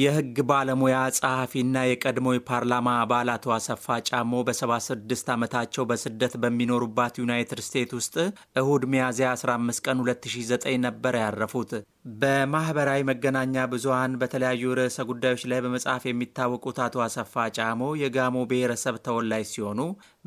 የህግ ባለሙያ ጸሐፊና የቀድሞ የፓርላማ አባል አቶ አሰፋ ጫሞ በ76 ዓመታቸው በስደት በሚኖሩባት ዩናይትድ ስቴትስ ውስጥ እሁድ ሚያዝያ 15 ቀን 2009 ነበር ያረፉት። በማህበራዊ መገናኛ ብዙሃን በተለያዩ ርዕሰ ጉዳዮች ላይ በመጻፍ የሚታወቁት አቶ አሰፋ ጫሞ የጋሞ ብሔረሰብ ተወላጅ ሲሆኑ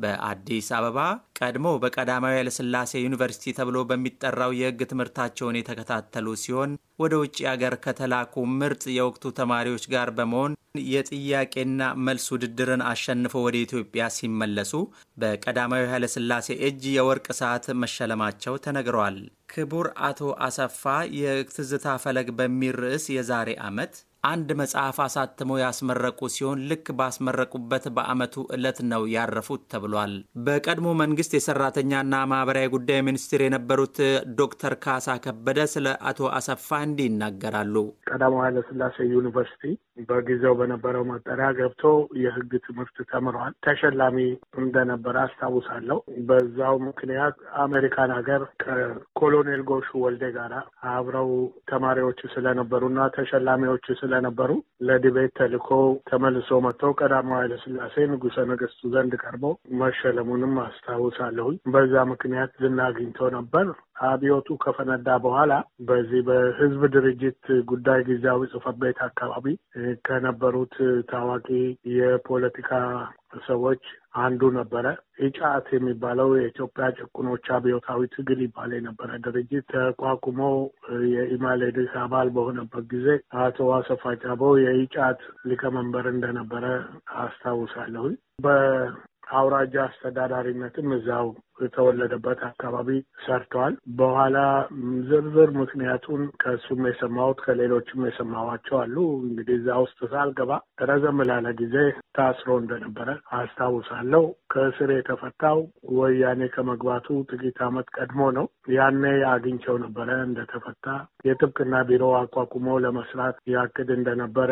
በአዲስ አበባ ቀድሞ በቀዳማዊ ኃይለሥላሴ ዩኒቨርሲቲ ተብሎ በሚጠራው የህግ ትምህርታቸውን የተከታተሉ ሲሆን ወደ ውጭ አገር ከተላኩ ምርጥ የወቅቱ ተማሪዎች ጋር በመሆን የጥያቄና መልስ ውድድርን አሸንፈው ወደ ኢትዮጵያ ሲመለሱ በቀዳማዊ ኃይለሥላሴ እጅ የወርቅ ሰዓት መሸለማቸው ተነግረዋል። ክቡር አቶ አሰፋ የትዝታ ፈለግ በሚል ርዕስ የዛሬ ዓመት አንድ መጽሐፍ አሳትመው ያስመረቁ ሲሆን ልክ ባስመረቁበት በዓመቱ ዕለት ነው ያረፉት ተብሏል። በቀድሞ መንግስት የሰራተኛና ማህበራዊ ጉዳይ ሚኒስትር የነበሩት ዶክተር ካሳ ከበደ ስለ አቶ አሰፋ እንዲህ ይናገራሉ። ቀዳማዊ ኃይለሥላሴ ዩኒቨርሲቲ በጊዜው በነበረው መጠሪያ ገብቶ የህግ ትምህርት ተምሯል። ተሸላሚ እንደነበረ አስታውሳለሁ። በዛው ምክንያት አሜሪካን ሀገር ከኮሎኔል ጎሹ ወልዴ ጋራ አብረው ተማሪዎች ስለነበሩና ተሸላሚዎች ስለነበሩ ለዲቤት ተልኮ ተመልሶ መጥተው ቀዳማዊ ኃይለሥላሴ ንጉሰ ነገስቱ ዘንድ ቀርበው መሸለሙንም አስታውሳለሁኝ። በዛ ምክንያት ዝና አግኝቶ ነበር። አብዮቱ ከፈነዳ በኋላ በዚህ በህዝብ ድርጅት ጉዳይ ጊዜያዊ ጽህፈት ቤት አካባቢ ከነበሩት ታዋቂ የፖለቲካ ሰዎች አንዱ ነበረ። ኢጫት የሚባለው የኢትዮጵያ ጭቁኖች አብዮታዊ ትግል ይባል የነበረ ድርጅት ተቋቁሞ የኢማሌድስ አባል በሆነበት ጊዜ አቶ አሰፋ ጫቦ የኢጫት ሊቀመንበር እንደነበረ አስታውሳለሁኝ። በአውራጃ አስተዳዳሪነትም እዛው የተወለደበት አካባቢ ሰርተዋል። በኋላ ዝርዝር ምክንያቱን ከእሱም የሰማሁት ከሌሎችም የሰማኋቸው አሉ። እንግዲህ እዛ ውስጥ ሳልገባ ረዘም ላለ ጊዜ ታስሮ እንደነበረ አስታውሳለሁ። ከእስር የተፈታው ወያኔ ከመግባቱ ጥቂት ዓመት ቀድሞ ነው። ያኔ አግኝቸው ነበረ እንደተፈታ የጥብቅና ቢሮ አቋቁሞ ለመስራት ያቅድ እንደነበረ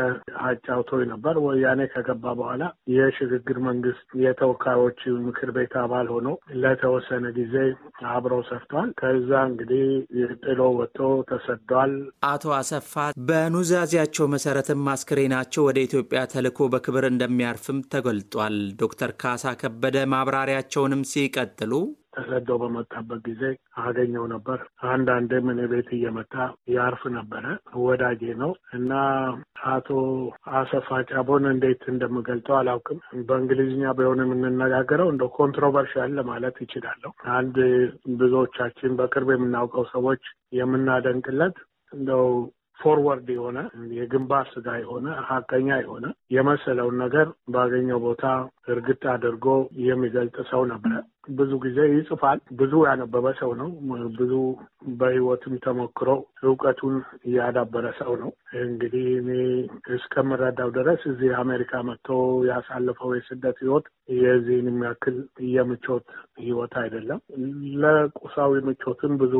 አጫውቶኝ ነበር። ወያኔ ከገባ በኋላ የሽግግር መንግስት የተወካዮች ምክር ቤት አባል ሆኖ ለተወ ለተወሰነ ጊዜ አብረው ሰፍቷል። ከዛ እንግዲህ ጥሎ ወጥቶ ተሰዷል። አቶ አሰፋ በኑዛዜያቸው መሰረትም አስክሬናቸው ወደ ኢትዮጵያ ተልኮ በክብር እንደሚያርፍም ተገልጧል። ዶክተር ካሳ ከበደ ማብራሪያቸውንም ሲቀጥሉ ተሰደው በመጣበት ጊዜ አገኘው ነበር። አንዳንዴም እኔ ቤት እየመጣ ያርፍ ነበረ። ወዳጄ ነው እና አቶ አሰፋ ጫቦን እንዴት እንደምገልጠው አላውቅም። በእንግሊዝኛ ቢሆን የምንነጋገረው እንደ ኮንትሮቨርሻል ለማለት ይችላለሁ። አንድ ብዙዎቻችን በቅርብ የምናውቀው ሰዎች የምናደንቅለት እንደው ፎርወርድ የሆነ የግንባር ስጋ የሆነ ሀቀኛ የሆነ የመሰለውን ነገር ባገኘው ቦታ እርግጥ አድርጎ የሚገልጽ ሰው ነበረ። ብዙ ጊዜ ይጽፋል። ብዙ ያነበበ ሰው ነው። ብዙ በህይወትም ተሞክሮ እውቀቱን ያዳበረ ሰው ነው። እንግዲህ እኔ እስከምረዳው ድረስ እዚህ አሜሪካ መጥቶ ያሳለፈው የስደት ህይወት የዚህን የሚያክል የምቾት ህይወት አይደለም። ለቁሳዊ ምቾትን ብዙ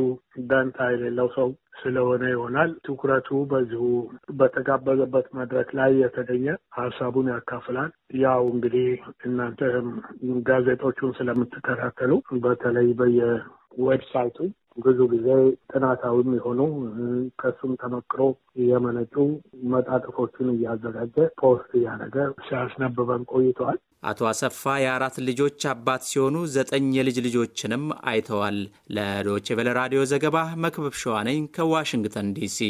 ደንታ የሌለው ሰው ስለሆነ ይሆናል ትኩረቱ በዚሁ በተጋበዘበት መድረክ ላይ የተገኘ ሀሳቡን ያካፍላል። ያው እንግዲህ እናንተም ጋዜጦቹን ስለምትከታተሉ በተለይ በየ ዌብሳይቱ ብዙ ጊዜ ጥናታዊም የሆኑ ከሱም ተመክሮ የመነጩ መጣጥፎቹን እያዘጋጀ ፖስት እያደረገ ሲያስነብበን ቆይተዋል። አቶ አሰፋ የአራት ልጆች አባት ሲሆኑ ዘጠኝ የልጅ ልጆችንም አይተዋል። ለዶቼ ቬለ ራዲዮ ዘገባ መክበብ ሸዋነኝ ከዋሽንግተን ዲሲ